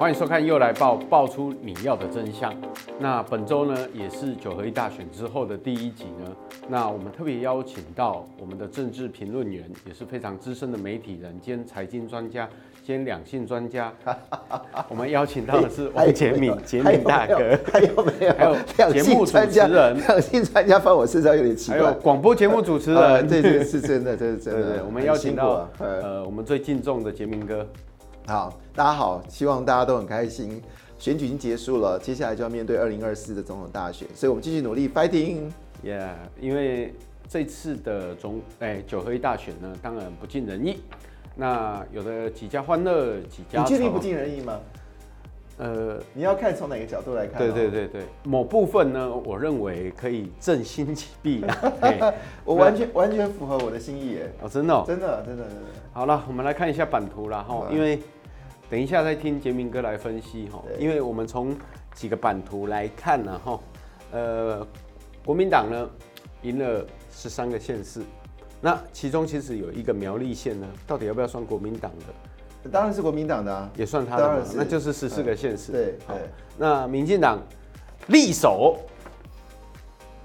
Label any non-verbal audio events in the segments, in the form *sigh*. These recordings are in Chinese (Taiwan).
歡迎收看《祐來爆》，爆出你要的真相。那本週呢，也是九合一大選之後的第一集呢。那我們特別邀請到我們的政治評論員，也是非常資深的媒體人兼財經專家兼兩性專家。哈哈哈哈，我們邀請到的是汪潔民還有，有潔民大哥，還有沒有？還有，有，專家，還有節目主持人兩性、兩性專家放我身上有點奇怪。還有廣播節目主持人，啊啊，對對，是真的，這是真的。對的對，我們邀請到，啊啊，呃，我們最敬重的潔民哥。好，大家好，希望大家都很開心。選舉已經結束了，接下來就要面對二零二四的總統大選，所以我們繼續努力，fighting！Yeah, 因為這次的總、欸、九合一大選呢，當然不盡人意。那有的幾家歡樂，幾家愁？你確定不盡人意嗎？呃，你要看從哪個角度來看？喔？對對對對，某部分呢，我認為可以振興其弊，啊、 *laughs* 對 *laughs* 我完全完全符合我的心意哦，真的，真的，真的，真的。好了，我們來看一下版圖了哈，因為等一下再聽潔民哥來分析哈、喔。因為我們從幾個版圖來看呢、啊、哈，呃，國民黨呢贏了十三個縣市，那其中其實有一個苗栗縣呢，到底要不要算國民黨的？當然是國民黨的啊，也算他的，那就是十四個縣市、嗯。對,對好那民進黨力守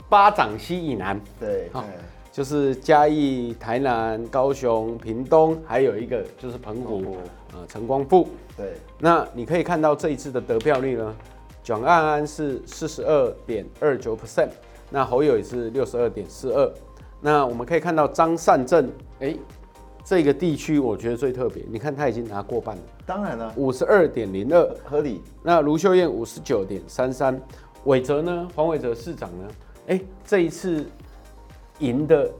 八掌溪以南，對，好對，就是嘉義、台南、高雄、屏東，還有一個就是澎湖，哦、呃，陳光復。對。那你可以看到這一次的得票率呢，蔣萬安是四十二點二九 percent，那侯友宜是六十二點四二，那我們可以看到張善政，欸這個地區我覺得最特別，你看他已經拿過半了，當然了，五十二點零二合理。那盧秀燕五十九點三三，偉哲呢？黃偉哲市長呢？哎，這一次贏的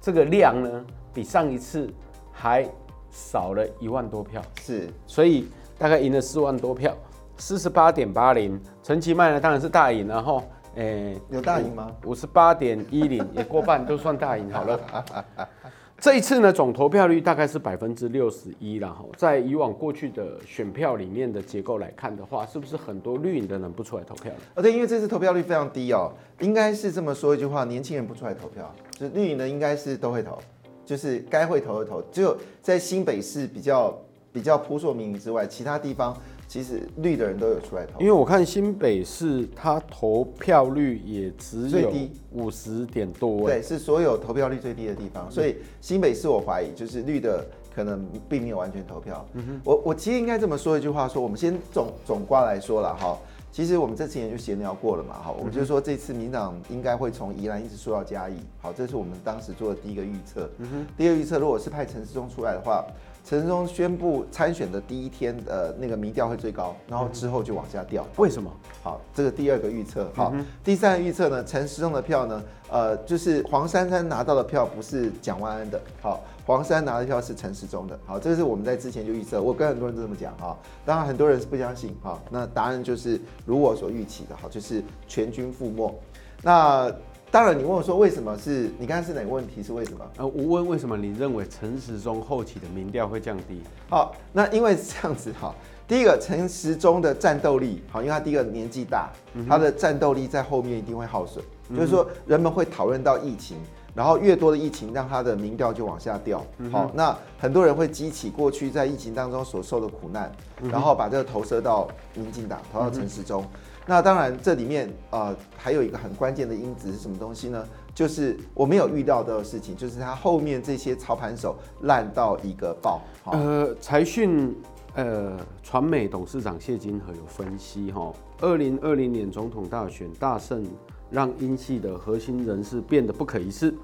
這個量呢，比上一次還少了一萬多票，是，所以大概贏了四萬多票，四十八點八零。陳其邁呢，當然是大贏，然後哎，有大贏嗎？五十八點一零也過半，都算大贏好了、啊。啊啊啊啊這一次呢，總投票率大概是百分之六十一，然後，在以往過去的選票裡面的結構來看的話，是不是很多綠營的人不出來投票呢？對，因為這次投票率非常低哦，應該是這麼說一句話，年輕人不出來投票，就綠營的應該是都會投，就是該會投的投，只有在新北市比較。比較撲朔迷離之外，其他地方其實綠的人都有出來投。因為我看新北市，他投票率也只有五十點多，對，是所有投票率最低的地方。所以新北市我懷疑，就是綠的可能並沒有完全投票。我我其實應該這麼說一句話，說我們先總總括來說了哈。其實我們這次也就閒聊過了嘛哈，我們就說這次民黨應該會從宜蘭一直說到嘉義。好，這是我們當時做的第一個預測。第二個預測，如果是派陳時中出來的話。陳時中宣布參選的第一天，呃，那個民調會最高，然後之後就往下掉，為什麼？好，這個第二個預測，好、嗯，第三個預測呢？陳時中的票呢？呃，就是黃珊珊拿到的票不是蔣萬安的，好，黃珊拿的票是陳時中的，好，這是我們在之前就預測，我跟很多人都這麼講哈，當然很多人是不相信哈，那答案就是如我所預期的，好，就是全軍覆沒，那。當然，你問我說為什麼是？你剛才是哪個問題是為什麼？那、啊、我問為什麼你認為陳時中後期的民調會降低？好，那因為這樣子哈，第一個陳時中的戰鬥力好，因為他第一個年紀大、嗯，他的戰鬥力在後面一定會耗損、嗯。就是說，人們會討論到疫情，然後越多的疫情讓他的民調就往下掉。好、嗯哦，那很多人會激起過去在疫情當中所受的苦難，嗯、然後把這個投射到民進黨，投到陳時中。嗯那當然，這裡面呃還有一個很關鍵的因子是什麼東西呢？就是我沒有遇到的事情，就是他後面這些操盤手爛到一個爆。呃，財訊呃傳媒董事長謝金河有分析哈，二零二零年總統大選大勝，讓英系的核心人士變得不可一世。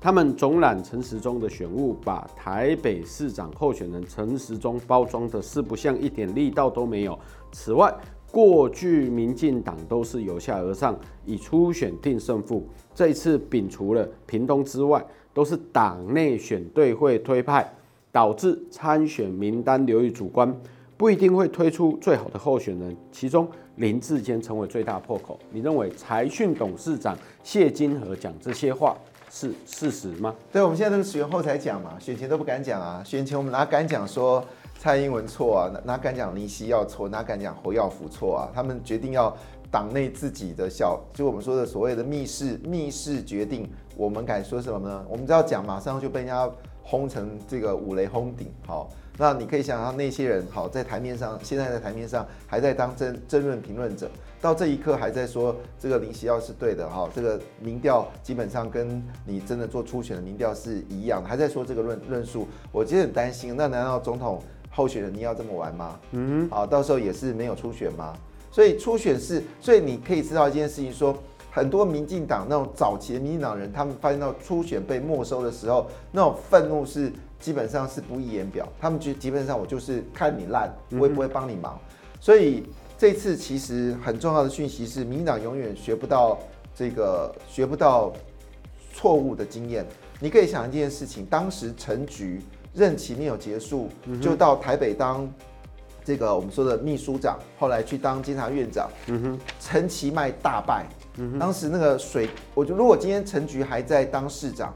他們總攬陳時中的選務，把台北市長候選人陳時中包裝得四不像，一點力道都沒有。此外，過去民進黨都是由下而上，以初選定勝負。這一次丙除了屏東之外，都是黨內選對會推派，導致參選名單流於主觀，不一定會推出最好的候選人。其中林智堅成為最大破口。你認為財訊董事長謝金河講這些話是事實嗎？對，我們現在都是選後才講嘛，選前都不敢講啊，選前我們哪敢講說？蔡英文錯啊，哪敢講林錫耀錯？哪敢講洪耀福錯啊？他們決定要黨內自己的小，就我們說的所謂的密室密室決定，我們敢說什麼呢？我們只要講，馬上就被人家轟成這個五雷轟頂。好，那你可以想象那些人好在台面上，現在在台面上還在當爭爭論評論者，到這一刻還在說這個林錫耀是對的哈，這個民調基本上跟你真的做初選的民調是一樣，還在說這個論論述，我其實很擔心。那難道總統？候選人，你要這麼玩嗎？嗯，好、啊，到時候也是沒有初選嗎？所以初選是，所以你可以知道一件事情說，說很多民進黨那種早期的民進黨人，他們發現到初選被沒收的時候，那種憤怒是基本上是不溢言表，他們就基本上我就是看你爛，我、嗯、不會幫會你忙。所以這次其實很重要的訊息是，民進黨永遠學不到這個學不到錯誤的經驗。你可以想一件事情，當時陳菊。任期沒有結束，就到台北當這個我們說的秘書長，後來去當監察院長。陳其邁大敗，當時那個水，我覺得如果今天陳菊還在當市長，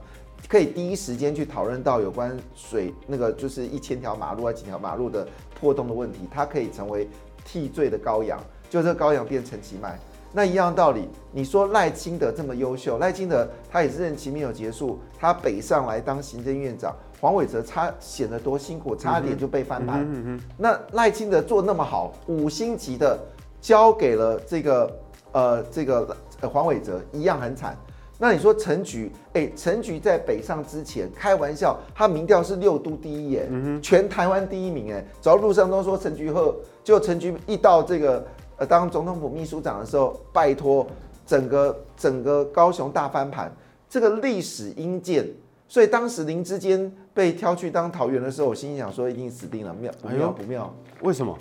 可以第一時間去討論到有關水那個就是一千條馬路啊幾條馬路的破洞的問題，他可以成為替罪的羔羊，就這個羔羊變成陳其邁。那一樣道理，你說賴清德這麼優秀，賴清德他也是任期沒有結束，他北上來當行政院長。黃偉哲差顯得多辛苦，差點就被翻盤，嗯嗯嗯。那賴清德做那麼好，五星級的交給了這個呃這個呃黃偉哲一樣很慘。那你說陳菊哎，陳、欸、陳菊在北上之前開玩笑，他民調是六都第一耶，嗯，全台灣第一名哎。走到路上都說陳菊後，就陳菊一到這個呃當總統府秘書長的時候，拜託，整個整個高雄大翻盤，這個歷史殷鑑，所以當時林智堅，被挑去當桃園的時候，我心想說一定死定了，妙不妙？不妙，不妙哎、為什麼？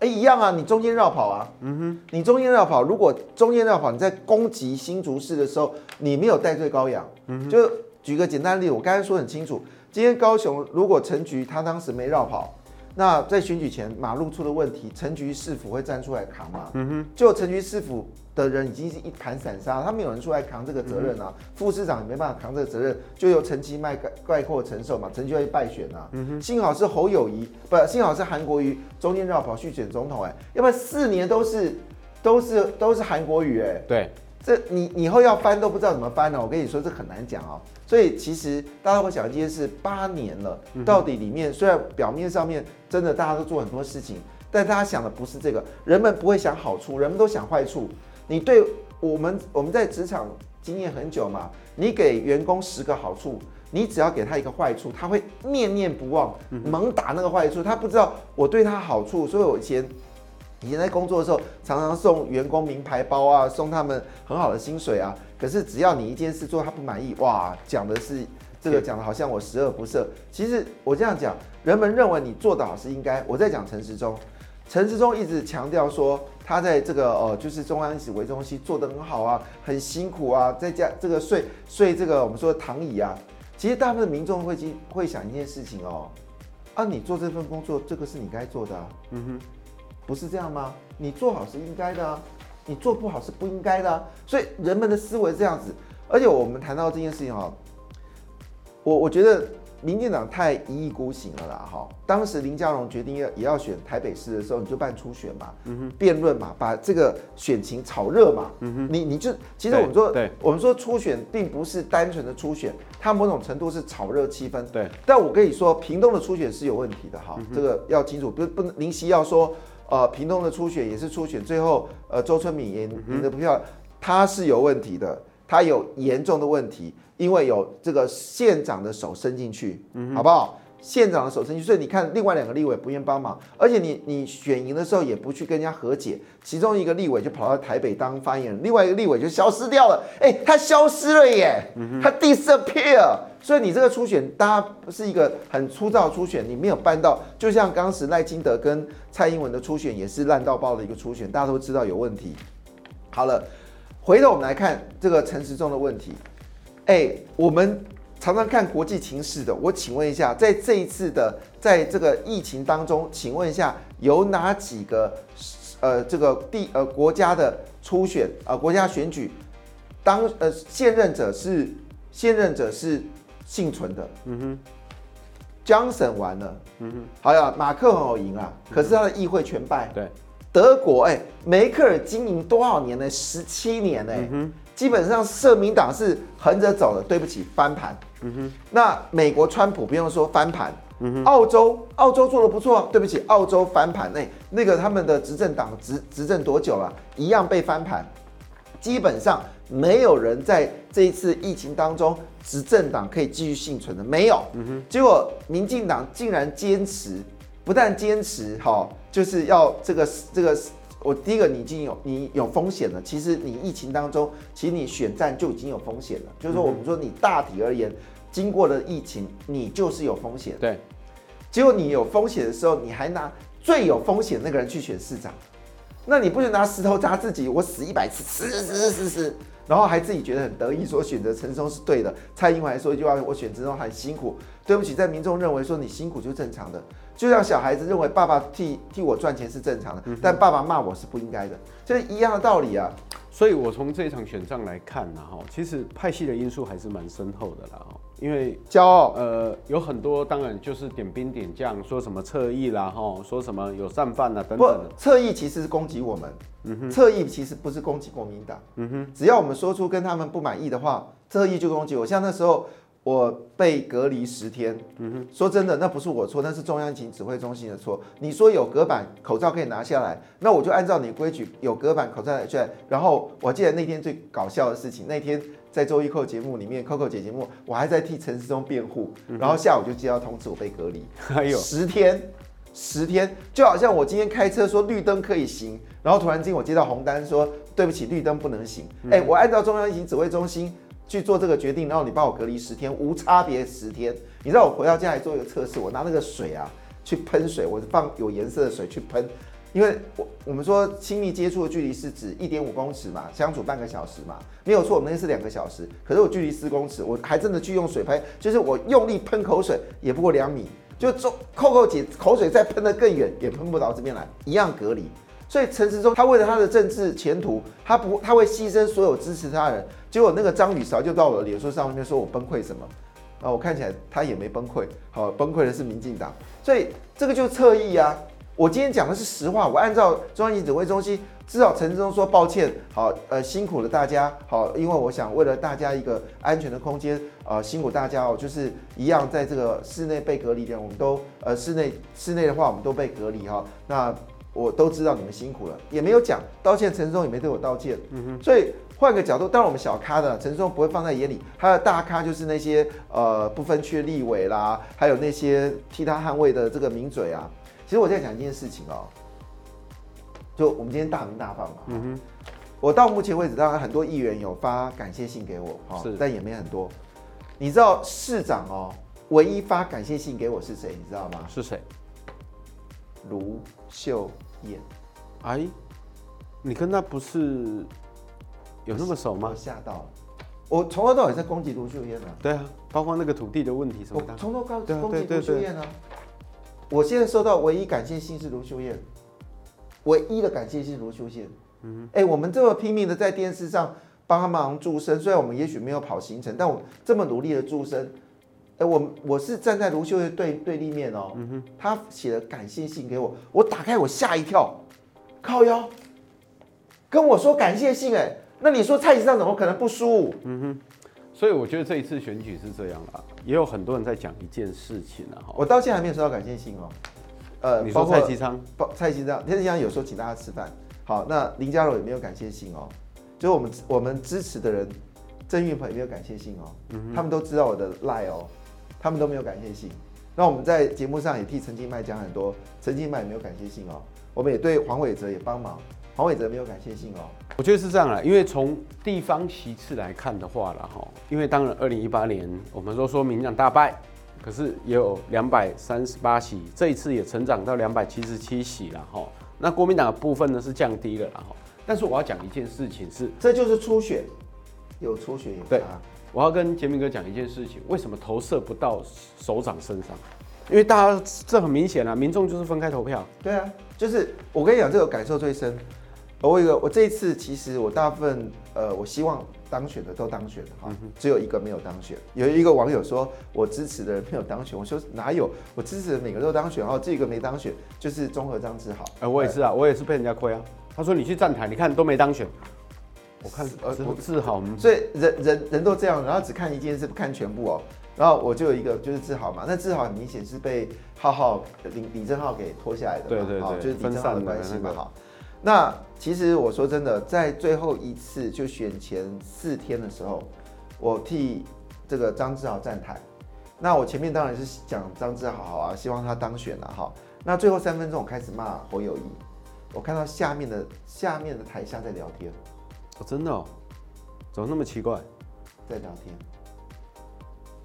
哎、欸，一樣啊，你中間繞跑啊，嗯哼，你中間繞跑，如果中間繞跑，你在攻擊新竹市的時候，你沒有代罪羔羊，嗯哼，就舉個簡單例子，我剛才說得很清楚，今天高雄如果成局，他當時沒繞跑。嗯那在選舉前馬路出了問題，陳菊市府會站出來扛嗎？嗯哼，就陳菊市府的人已經是一盤散沙，他沒有人出來扛這個責任啊、嗯？副市長也沒辦法扛這個責任，就由陳其邁概括承受嘛？陳其邁敗選啊？嗯哼，幸好是侯友宜，不，幸好是韓國瑜，中間繞跑去選總統、欸，哎，要不然四年都是都是都是韓國瑜、欸，哎，對。這你以後要翻都不知道怎麼翻了。我跟你說，這很難講啊、哦。所以其實大家會想，今天是八年了，到底裡面雖然表面上面真的大家都做很多事情，但大家想的不是這個。人們不會想好處，人們都想壞處。你對我們我們在職場經驗很久嘛，你給員工十個好處，你只要給他一個壞處，他會念念不忘，猛打那個壞處。他不知道我對他好處，所以我以前。以前在工作的時候，常常送員工名牌包啊，送他們很好的薪水啊。可是只要你一件事做他不滿意，哇，講的是這個講的好像我十惡不赦。其實我這樣講，人們認為你做的好是應該。我在講陳時中，陳時中一直強調說他在這個呃就是中央指揮中心做得很好啊，很辛苦啊，在家這個睡睡這個我們說的躺椅啊。其實大部分民眾會會想一件事情哦，啊，你做這份工作，這個是你該做的啊。嗯哼。不是這樣嗎？你做好是應該的啊，你做不好是不應該的，啊。所以人們的思維是這樣子。而且我們談到這件事情哈、哦，我我覺得民進黨太一意孤行了啦哈、哦。當時林佳龍決定要也要選台北市的時候，你就辦初選嘛，嗯、辯論嘛，把這個選情炒熱嘛。嗯、你你就其實我們說對對，我們說初選並不是單純的初選，它某種程度是炒熱氣氛。對，但我跟你說，屏東的初選是有問題的哈、哦嗯，這個要清楚，不不，林夕要說。呃，屏東的初選也是初選，最後呃，周春敏也贏的不票、嗯，他是有問題的，他有嚴重的問題，因為有這個縣長的手伸進去、嗯，好不好？縣長的手伸進去，所以你看另外兩個立委不願幫忙，而且你你選贏的時候也不去跟人家和解，其中一個立委就跑到台北當發言人，另外一個立委就消失掉了，哎、欸，他消失了耶，嗯、他 disappear。所以你這個初選，大家是一個很粗糙的初選，你沒有辦到，就像當時賴清德跟蔡英文的初選也是爛到爆的一個初選，大家都知道有問題。好了，回頭我們來看這個陳時中的問題。誒、欸，我們常常看國際情勢的，我請問一下，在這一次的在這個疫情當中，請問一下有哪幾個呃這個地呃國家的初選啊、呃、國家選舉當呃現任者是現任者是？倖存的，嗯哼，強森完了，嗯哼，好呀，馬克很好贏啊，嗯、可是他的議會全敗。對、嗯，德國，哎，梅克爾經營多少年呢？十七年，哎、嗯，基本上社民黨是橫着走了，對不起，翻盤。嗯，那美國川普不用說翻盤，嗯，澳洲，澳洲做得不錯，對不起，澳洲翻盤，哎，那個他們的執政黨執執，執政多久了？一樣被翻盤，基本上。沒有人在這一次疫情當中，執政黨可以繼續倖存的，沒有、嗯。結果民進黨竟然堅持，不但堅持，哦、就是要這個這個，我第一個你已經有你有風險了。其實你疫情當中，其實你選戰就已經有風險了。嗯、就是說我們說你大體而言，經過了疫情，你就是有風險了。對。結果你有風險的時候，你還拿最有風險那個人去選市長，那你不是拿石頭砸自己？我死一百次，死死死死。然後還自己覺得很得意，說選擇陳松是對的。蔡英文還說一句話：“我選陳松很辛苦。”對不起，在民眾認為說你辛苦就正常的，就讓小孩子認為爸爸替替我賺錢是正常的，但爸爸罵我是不應該的，就是一樣的道理啊。所以，我從這場選戰來看呢，哈，其實派系的因素還是蠻深厚的啦。因為驕傲，呃，有很多，當然就是點兵點將，說什麼側翼啦，哈，說什麼有戰犯啊等等。側翼其實是攻擊我們，嗯哼，側翼其實不是攻擊國民黨，嗯哼，只要我們說出跟他們不滿意的話，側翼就攻擊我。像那時候我被隔離十天，嗯哼，說真的，那不是我錯，那是中央疫情指揮中心的錯。你說有隔板口罩可以拿下來，那我就按照你的規矩，有隔板口罩拿下來。然後我記得那天最搞笑的事情，那天。在周一扣節目裡面，扣扣姐節,節目，我還在替陳時中辯護、嗯，然後下午就接到通知，我被隔離，還有十天，十天，就好像我今天開車說綠燈可以行，然後突然間我接到紅單說對不起，綠燈不能行。哎、嗯欸，我按照中央疫情指揮中心去做這個決定，然後你幫我隔離十天，無差別十天。你知道我回到家裡做一個測試，我拿那個水啊去噴水，我放有顏色的水去噴。因為我我們說親密接觸的距離是指一點五公尺嘛，相處半個小時嘛，沒有錯，我們那是兩個小時，可是我距離四公尺，我還真的去用水噴，就是我用力噴口水，也不過兩米，就扣扣姐口水再噴得更遠，也噴不到這邊來，一樣隔離。所以陳時中他為了他的政治前途，他不他會犧牲所有支持他的人，結果那個張雨柔就到我的臉書上面說我崩潰什麼，啊，我看起來他也沒崩潰，好、啊、崩潰的是民進黨，所以這個就側翼啊。我今天講的是實話，我按照中央疫情指揮中心，至少陳時中說抱歉，好，呃，辛苦了大家，好，因為我想為了大家一個安全的空間，呃，辛苦大家哦，就是一樣在這個室內被隔離的，我們都呃室內室內的話，我們都被隔離哈，那我都知道你們辛苦了，也沒有講道歉，陳時中也沒對我道歉，嗯哼，所以換個角度，當然我們小咖的陳時中不會放在眼裡，他的大咖就是那些呃不分區立委啦，還有那些替他捍衛的這個名嘴啊。其實我在講一件事情哦、喔，就我們今天大鳴大放嘛、嗯。我到目前為止，當然很多議員有發感謝信給我，是但也沒很多。你知道市長哦、喔，唯一發感謝信給我是誰？你知道嗎？是誰？盧秀燕。哎，你跟他不是有那麼熟嗎？我嚇到了。我從頭到尾在攻擊盧秀燕的、啊。對啊，包括那個土地的問題什麼從頭到尾攻擊盧秀燕啊。我現在收到唯一感謝信是盧秀燕，唯一的感謝信是盧秀燕。嗯哼，哎、欸，我們這麼拼命的在電視上幫忙助聲，雖然我們也許沒有跑行程，但我這麼努力的助聲，哎、欸，我我是站在盧秀燕對對立面哦、喔嗯。他她寫了感謝信給我，我打開我嚇一跳，靠腰，跟我說感謝信哎、欸，那你說蔡其昌怎麼可能不輸？嗯哼。所以我覺得這一次選舉是這樣啦，也有很多人在講一件事情、啊、我到現在還沒有收到感謝信哦。呃，蔡其，包括蔡其昌，蔡其昌，天天昌有時候請大家吃飯。好，那林佳龍也沒有感謝信哦。就是我們我們支持的人，鄭運鵬也沒有感謝信哦。嗯、他們都知道我的 LINE 哦，他們都沒有感謝信。那我們在節目上也替陳其邁講很多，陳其邁也沒有感謝信哦。我們也對黃偉哲也幫忙。黃偉哲沒有感謝信哦，我覺得是這樣啦，因為從地方席次來看的話啦哈，因為當然二零一八年我們都說民進黨大敗，可是也有兩百三十八席，這一次也成長到兩百七十七席了哈。那國民黨的部分呢，是降低了啦哈，但是我要講一件事情是，這就是初選，有初選有。對啊，我要跟潔民哥講一件事情，為什麼投射不到首長身上？因為大家這很明顯啊，民眾就是分開投票。對啊，就是我跟你講這個感受最深。我一個，我這一次其實我大部分呃，我希望當選的都當選哈，只有一個沒有當選。有一個網友說，我支持的人沒有當選，我說哪有，我支持的每個都當選，然後這個沒當選就是中和張志豪。哎、呃，我也是啊，我也是被人家虧啊。他說你去站台，你看都沒當選。我看呃，我志豪，所以人人人都這樣，然後只看一件事，不看全部哦。然後我就有一個就是志豪嘛，那志豪很明顯是被皓皓李李正皓給拖下來的嘛，對，對，對，對，好就是李正皓的關係嘛，好。那其實我說真的，在最後一次就選前四天的時候，我替這個張志豪站台。那我前面當然是講張志豪啊，希望他當選了、啊、哈。那最後三分鐘，我開始罵侯友宜。我看到下面的下面的台下在聊天，哦、真的、哦，怎麼那麼奇怪？在聊天，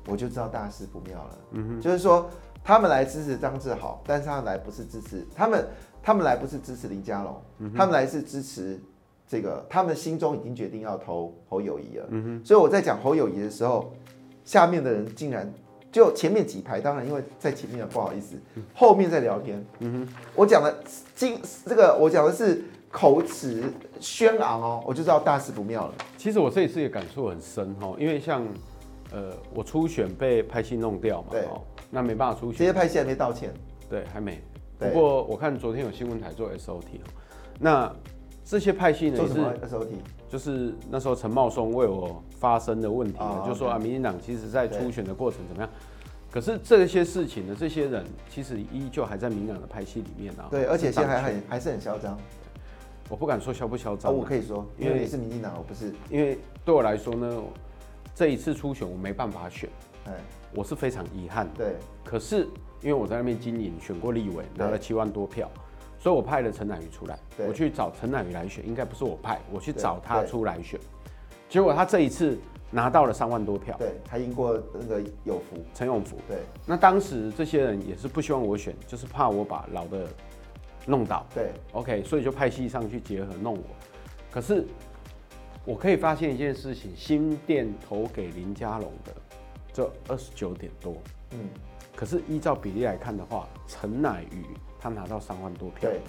我就知道大事不妙了。嗯哼，就是說他們來支持張志豪，但是他們來不是支持他們。他們來不是支持林佳龍，嗯，他們來是支持這個，他們心中已經決定要投侯友宜了，嗯哼。所以我在講侯友宜的時候，下面的人竟然就前面幾排，當然因為在前面不好意思，後面在聊天。嗯哼，我講的今這個我講的是口齒軒昂哦，喔，我就知道大事不妙了。其實我這一次也感觸很深哈，喔，因為像呃我初選被派系弄掉嘛，哦，喔，那沒辦法初選。這些派系還沒道歉？對，還沒。不過我看昨天有新聞台做 S O T，、喔、那這些派系呢？就是 S O T 就是那時候陳茂松為我發生的問題，就、啊、說、okay, 啊，民進黨其實在初選的過程怎麼樣？可是這些事情呢，這些人，其實依舊還在民進黨的派系裡面啊。對，而且現在還很還是很囂張。我不敢說囂不囂張、啊，我可以說，因為你是民進黨，我不是。因為對我來說呢，這一次初選我沒辦法選，對，我是非常遺憾。對，可是。因為我在那邊經營，選過立委拿了七萬多票，嗯、所以我派了陳乃宇出來，我去找陳乃宇來選，應該不是我派，我去找他出來選，結果他這一次拿到了三萬多票，對他贏過那個有福陳永福，對，那當時這些人也是不希望我選，就是怕我把老的弄倒，對，OK，所以就派系上去結合弄我，可是我可以發現一件事情，新店投給林佳龍的這二十九點多。嗯，可是依照比例來看的話，陳乃瑜他拿到三萬多票，對，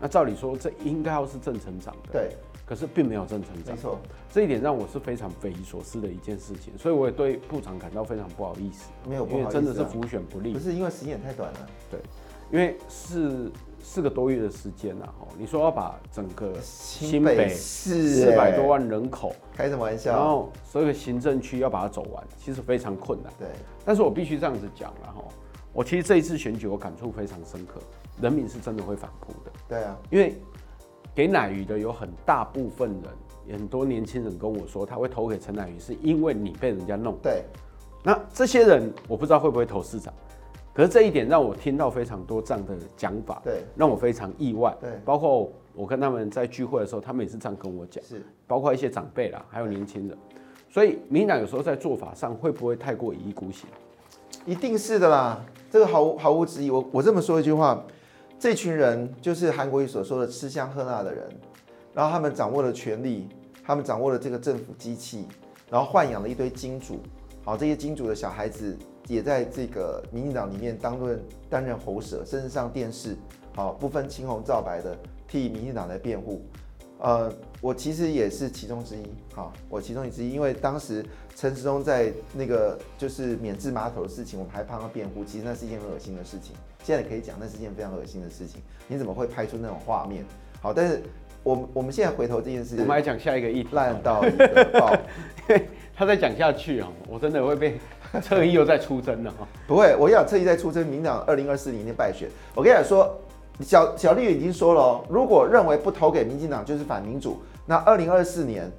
那照理說這應該要是正成長的，對，可是並沒有正成長的，沒錯，這一點讓我是非常匪夷所思的一件事情，所以我也對部長感到非常不好意思，沒有不好意思啊，因為真的是浮選不利，不是因為時間也太短了啊，對，因為是。四個多月的時間了。哦，你說要把整個新北市四百多萬人口開什麼玩笑？然後，所有行政區要把它走完，其實非常困難。對，但是我必須這樣子講了，啊，我其實這一次選舉，我感觸非常深刻，人民是真的會反撲的。對啊，因為給乃瑜的有很大部分人，很多年輕人跟我說，他會投給陳乃瑜，是因為你被人家弄。對，那這些人，我不知道會不會投市長。可是這一點讓我聽到非常多這樣的講法，對，讓我非常意外。對，包括我跟他們在聚會的時候，他們也是這樣跟我講。是，包括一些長輩啦，還有年輕人。所以民進黨有時候在做法上會不會太過一意孤行？一定是的啦，這個毫無毫無質疑。我我這麼說一句話，這群人就是韓國瑜所說的吃香喝辣的人，然後他們掌握了權力，他們掌握了這個政府機器，然後豢養了一堆金主，好，這些金主的小孩子。也在這個民進黨裡面當任擔任喉舌，甚至上電視，好，不分青紅皂白的替民進黨來辯護。呃，我其實也是其中之一，好，我其中一之一，因為當時陳時中在那個就是免治馬桶的事情，我們還幫他辯護，其實那是一件很噁心的事情。現在可以講，那是一件非常噁心的事情。你怎麼會拍出那種畫面？好，但是我們我們現在回頭這件事情，我們來講下一個議題，爛到一個爆， *laughs* 他再講下去啊，我真的會被。特意又在出征了、哦， *laughs* 不會，我要蔡英在出征，民黨二零二四年的敗選。我跟你說，小小麗已經說了、哦，如果認為不投給民進黨就是反民主，那二零二四年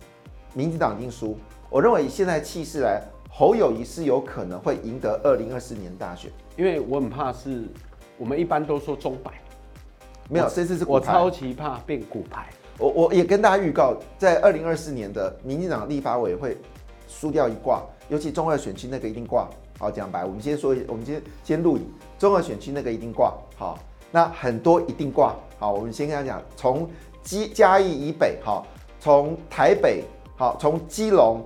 民進黨已經輸。我認為以現在氣勢來，侯友宜是有可能會贏得二零二四年大選，因為我很怕是、嗯、我們一般都說鐘擺，沒有，這次是我超級怕變骨牌。我我也跟大家預告，在二零二四年的民進黨立法委會輸掉一掛，尤其中二選區那個一定掛。好，講白，我們先說一，我們先先錄影。中二選區那個一定掛。好，那很多一定掛。好，我們先跟他講，從基嘉義以北，哈，從台北，好，從基隆、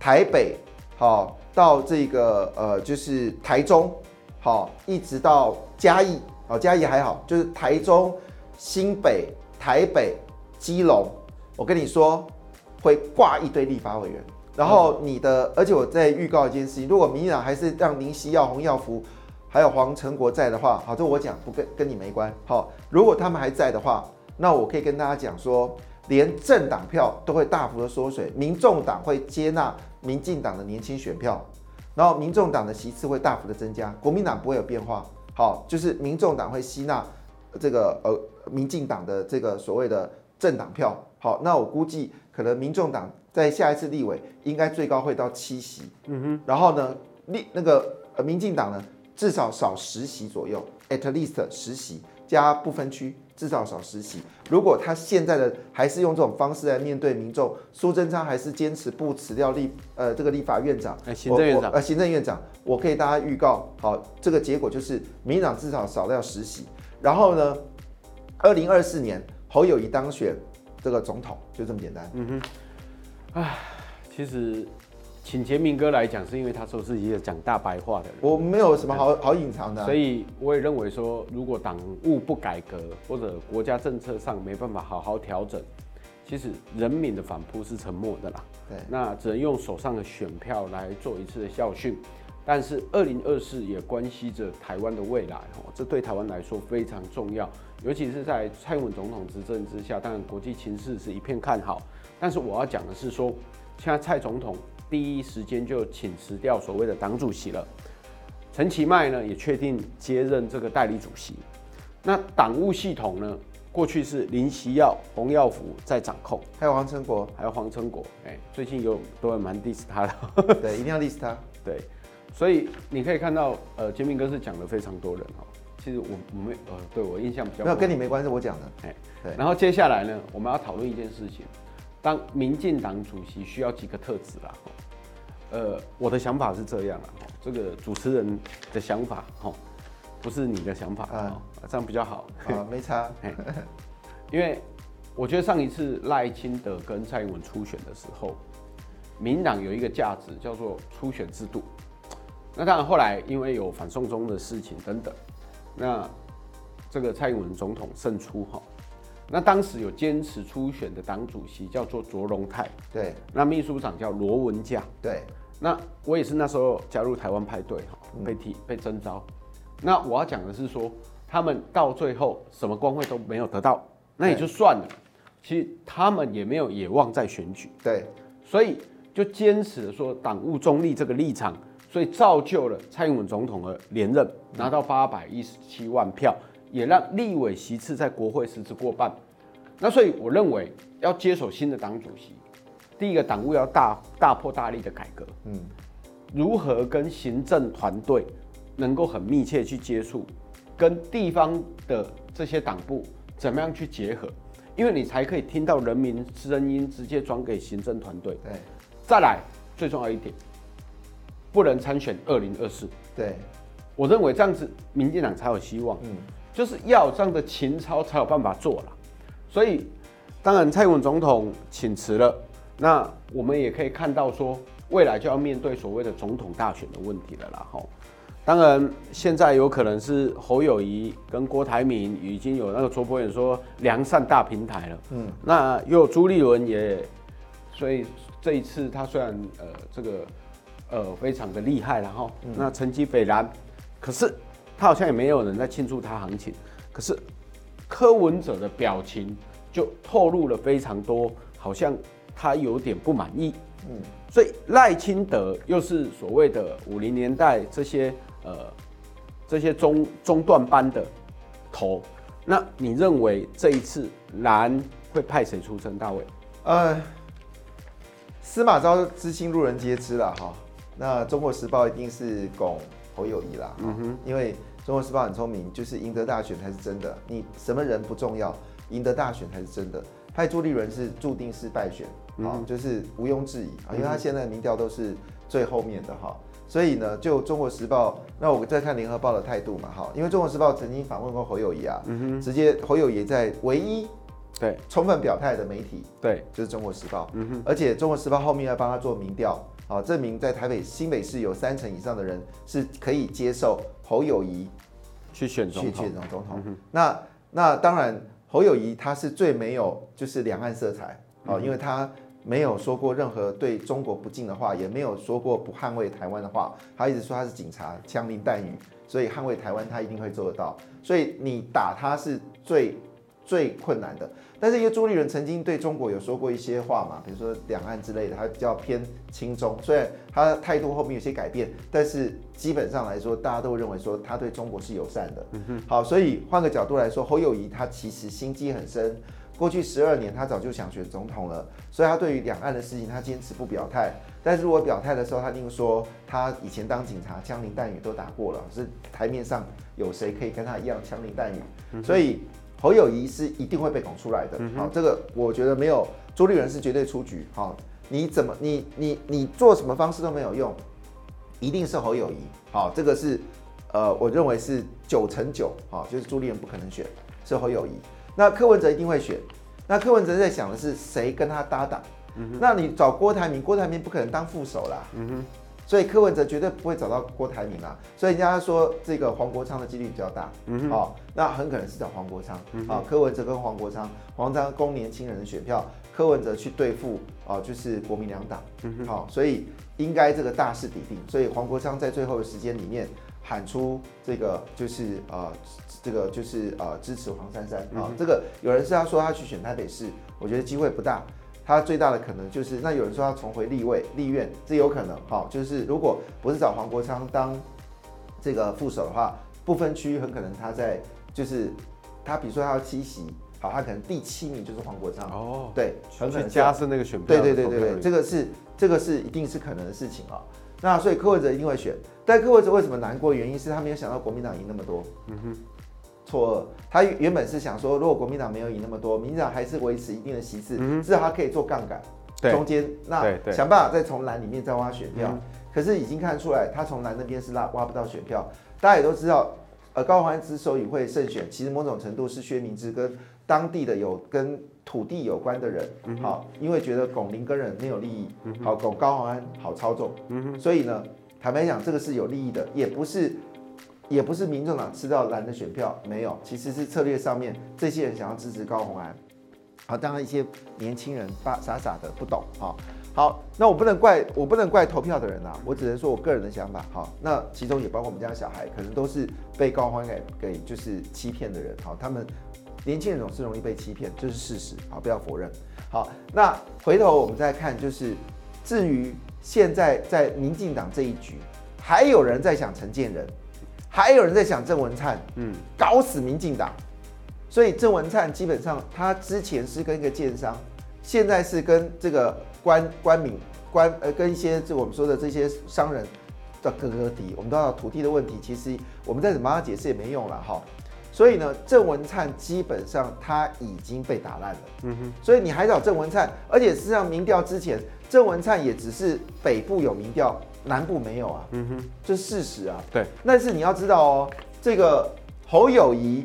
台北，好，到這個呃就是台中，好，一直到嘉義，好、哦，嘉義還好，就是台中新北、台北、基隆，我跟你說會掛一堆立法委員。嗯、然後你的，而且我再預告一件事情，如果民進黨還是讓林錫耀、洪耀福，還有黃承國在的話，好，這我講不跟跟你沒關。好，如果他們還在的話，那我可以跟大家講說，連政黨票都會大幅的縮水，民眾黨會接納民進黨的年輕選票，然後民眾黨的席次會大幅的增加，國民黨不會有變化。好，就是民眾黨會吸納這個呃民進黨的這個所謂的政黨票。好，那我估計可能民眾黨。在下一次立委應該最高會到七席，嗯哼，然後呢，立那個民進黨呢至少少十席左右，at least 十席，加不分區至少少十席。如果他現在的還是用這種方式來面對民眾，蘇貞昌還是堅持不辭掉立呃這個立法院長，行政院長，呃行政院長，我可以大家預告，好，這個結果就是民黨至少少掉十席，然後呢，二零二四年侯友宜當選這個總統，就這麼簡單，嗯哼。唉，其實請潔民哥來講，是因為他說是一個講大白話的人，我沒有什麼好好隱藏的啊。所以我也認為說，如果黨務不改革，或者國家政策上沒辦法好好調整，其實人民的反撲是沉默的啦。對，那只能用手上的選票來做一次的教訓。但是二零二四也關係着台灣的未來哦，這對台灣來說非常重要，尤其是在蔡英文總統執政之下，當然國際情勢是一片看好。但是我要講的是說，現在蔡總統第一時間就請辭掉所謂的黨主席了，陳其邁呢也確定接任這個代理主席。那黨務系統呢，過去是林錫耀、洪耀福在掌控，還有黃承國，還有黃承國，哎、欸，最近有都還蠻 diss 他的，對呵呵，一定要 diss 他，對。所以你可以看到，呃，潔民哥是講了非常多人。其實我我沒，呃，對我印象比較沒有跟你沒關係，我講的，哎、欸，對。然後接下來呢，我們要討論一件事情。當民進黨主席需要幾個特質啦？呃，我的想法是這樣啊，這個主持人的想法，喔，不是你的想法啊，啊。這樣比較好。啊，沒差。呵呵，因為我覺得上一次賴清德跟蔡英文初選的時候，民黨有一個價值叫做初選制度。那當然，後來因為有反送中的事情等等，那這個蔡英文總統勝出，哈。那當時有堅持初選的黨主席叫做卓榮泰，對，那秘書長叫羅文嘉，對，那我也是那時候加入台灣派對，哈、嗯，被提被徵召。那我要講的是說，他們到最後什麼官位都沒有得到，那也就算了。其實他們也沒有野望在選舉，對，所以就堅持說黨務中立這個立場，所以造就了蔡英文總統的連任，拿到八百一十七萬票。也讓立委席次在國會實質過半，那所以我認為要接手新的黨主席，第一個黨務要大大破大立的改革，嗯，如何跟行政團隊能夠很密切去接觸，跟地方的這些黨部怎麼樣去結合，因為你才可以聽到人民聲音，直接轉給行政團隊。對，再來最重要一點，不能參選二零二四。對，我認為這樣子民進黨才有希望。嗯。就是要這樣的情操才有辦法做啦，所以當然蔡英文總統請辭了，那我們也可以看到說未來就要面對所謂的總統大選的問題了啦吼。當然現在有可能是侯友宜跟郭台銘已經有那個卓博遠說良善大平台了，嗯，那又有朱立倫也，所以這一次他雖然呃這個呃非常的厲害，然後那成績斐然，可是。他好像也沒有人在慶祝他行情，可是柯文哲的表情就透露了非常多，好像他有點不滿意。嗯，所以賴清德又是所謂的五零年代這些呃這些中中段班的頭，那你認為這一次藍會派誰出征？大衛？呃，司馬昭之心，路人皆知了哈。那中國時報一定是拱侯友宜啦，嗯哼，因為。中國時報很聰明，就是贏得大選才是真的。你什麼人不重要，贏得大選才是真的。派朱立倫是注定是敗選，嗯哦、就是毋庸置疑啊，因為他現在的民調都是最後面的哈。所以呢，就中國時報，那我再看聯合報的態度嘛，哈，因為中國時報曾經訪問過侯友宜啊、嗯，直接侯友宜在唯一對充分表態的媒體，對，就是中國時報。嗯、而且中國時報後面要幫他做民調，好，證明在台北新北市有三成以上的人是可以接受。侯友宜去選去選總統，總統總統嗯、那那當然，侯友宜他是最沒有就是兩岸色彩哦、嗯，因為他沒有說過任何對中國不敬的話，也沒有說過不捍衛台灣的話，他一直說他是警察，槍林彈雨，所以捍衛台灣他一定會做得到，所以你打他是最最困難的。但是因為朱立倫曾經對中國有說過一些話嘛，比如說兩岸之類的，他比較偏親中。雖然他態度後面有些改變，但是基本上來說，大家都認為說他對中國是友善的。嗯哼。好，所以換個角度來說，侯友宜他其實心機很深。過去十二年，他早就想選總統了，所以他對於兩岸的事情，他堅持不表態。但是如果表態的時候，他寧說他以前當警察，槍林彈雨都打過了。就是台面上有誰可以跟他一樣槍林彈雨、嗯？所以。侯友宜是一定會被拱出來的，好、嗯哦，這個我覺得沒有，朱立倫是絕對出局，好、哦，你怎麼你你你做什麼方式都沒有用，一定是侯友宜，好、哦，這個是呃，我認為是九成九，好，就是朱立倫不可能選，是侯友宜，那柯文哲一定會選，那柯文哲在想的是誰跟他搭檔、嗯，那你找郭台銘，郭台銘不可能當副手啦。嗯所以柯文哲絕對不會找到郭台銘啊，所以人家說這個黃國昌的幾率比較大，嗯哼，好、哦，那很可能是找黃國昌啊、嗯哦。柯文哲跟黃國昌，黃張公年輕人的選票，柯文哲去對付啊、呃，就是國民兩黨，嗯哼，好、哦，所以應該這個大勢已定。所以黃國昌在最後的時間裡面喊出這個就是啊、呃，這個就是啊、呃、支持黃珊珊啊、哦嗯，這個有人是要說他去選台北市，我覺得機會不大。他最大的可能就是，那有人說他重回立位立院，這有可能哈、哦。就是如果不是找黃國昌當這個副手的話，不分區很可能他在就是他，比如說他要七席，好、哦，他可能第七名就是黃國昌哦，對，全選加深那個選票，票。對對對對對，這個是這個是一定是可能的事情啊、哦。那所以柯文哲一定會選，但柯文哲為什麼難過？原因是他沒有想到國民黨贏那麼多。嗯哼。錯，他原本是想說，如果國民黨沒有贏那麼多，民進黨還是維持一定的席次，嗯、至少他可以做槓桿，中間那想辦法再從藍裡面再挖選票。嗯、可是已經看出來，他從藍那邊是拉挖不到選票、嗯。大家也都知道，呃，高虹安之所以會勝選，其實某種程度是薛明之跟當地的有跟土地有關的人，好、嗯哦，因為覺得拱林耕仁沒有利益，好、嗯、拱、哦、高虹安好操作、嗯，所以呢，坦白講，這個是有利益的，也不是。也不是民眾黨吃到藍的選票，沒有，其實是策略上面這些人想要支持高虹安。好，當然一些年輕人發傻傻的不懂。好，好，那我不能怪我不能怪投票的人啦、啊，我只能說我個人的想法。好，那其中也包括我們家的小孩，可能都是被高虹安給給就是欺騙的人。好，他們年輕人總是容易被欺騙，這、就是事實。好，不要否認。好，那回頭我們再看，就是至於現在在民進黨這一局，還有人在想陳建仁。還有人在想鄭文燦，嗯，搞死民進黨。所以鄭文燦基本上他之前是跟一個建商，現在是跟這個官、官民、官呃，跟一些就我們說的這些商人的哥哥底。我們都要到土地的問題，其實我們再怎麼樣解釋也沒用了哈。所以呢，鄭文燦基本上他已經被打爛了，嗯哼。所以你還找鄭文燦，而且事實上民調之前鄭文燦也只是北部有民調。南部沒有啊，嗯哼，這事實啊，對。但是你要知道哦，這個侯友宜，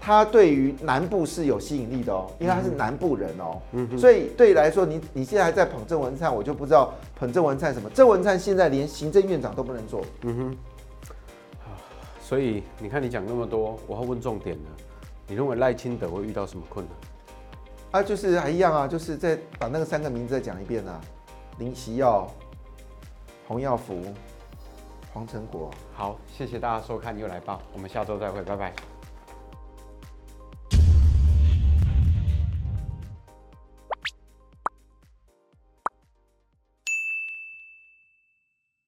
他對於南部是有吸引力的哦，嗯哼，因為他是南部人哦，嗯哼，所以對來說，你你現在還在捧鄭文燦，我就不知道捧鄭文燦什麼。鄭文燦現在連行政院長都不能做，嗯哼。所以你看你講那麼多，我要問重點了。你認為賴清德會遇到什麼困難？啊，就是還一樣啊，就是再把那個三個名字再講一遍啊，林錫耀。洪耀福、黃成果，好，謝謝大家收看《祐來爆》，我們下周再會，拜拜。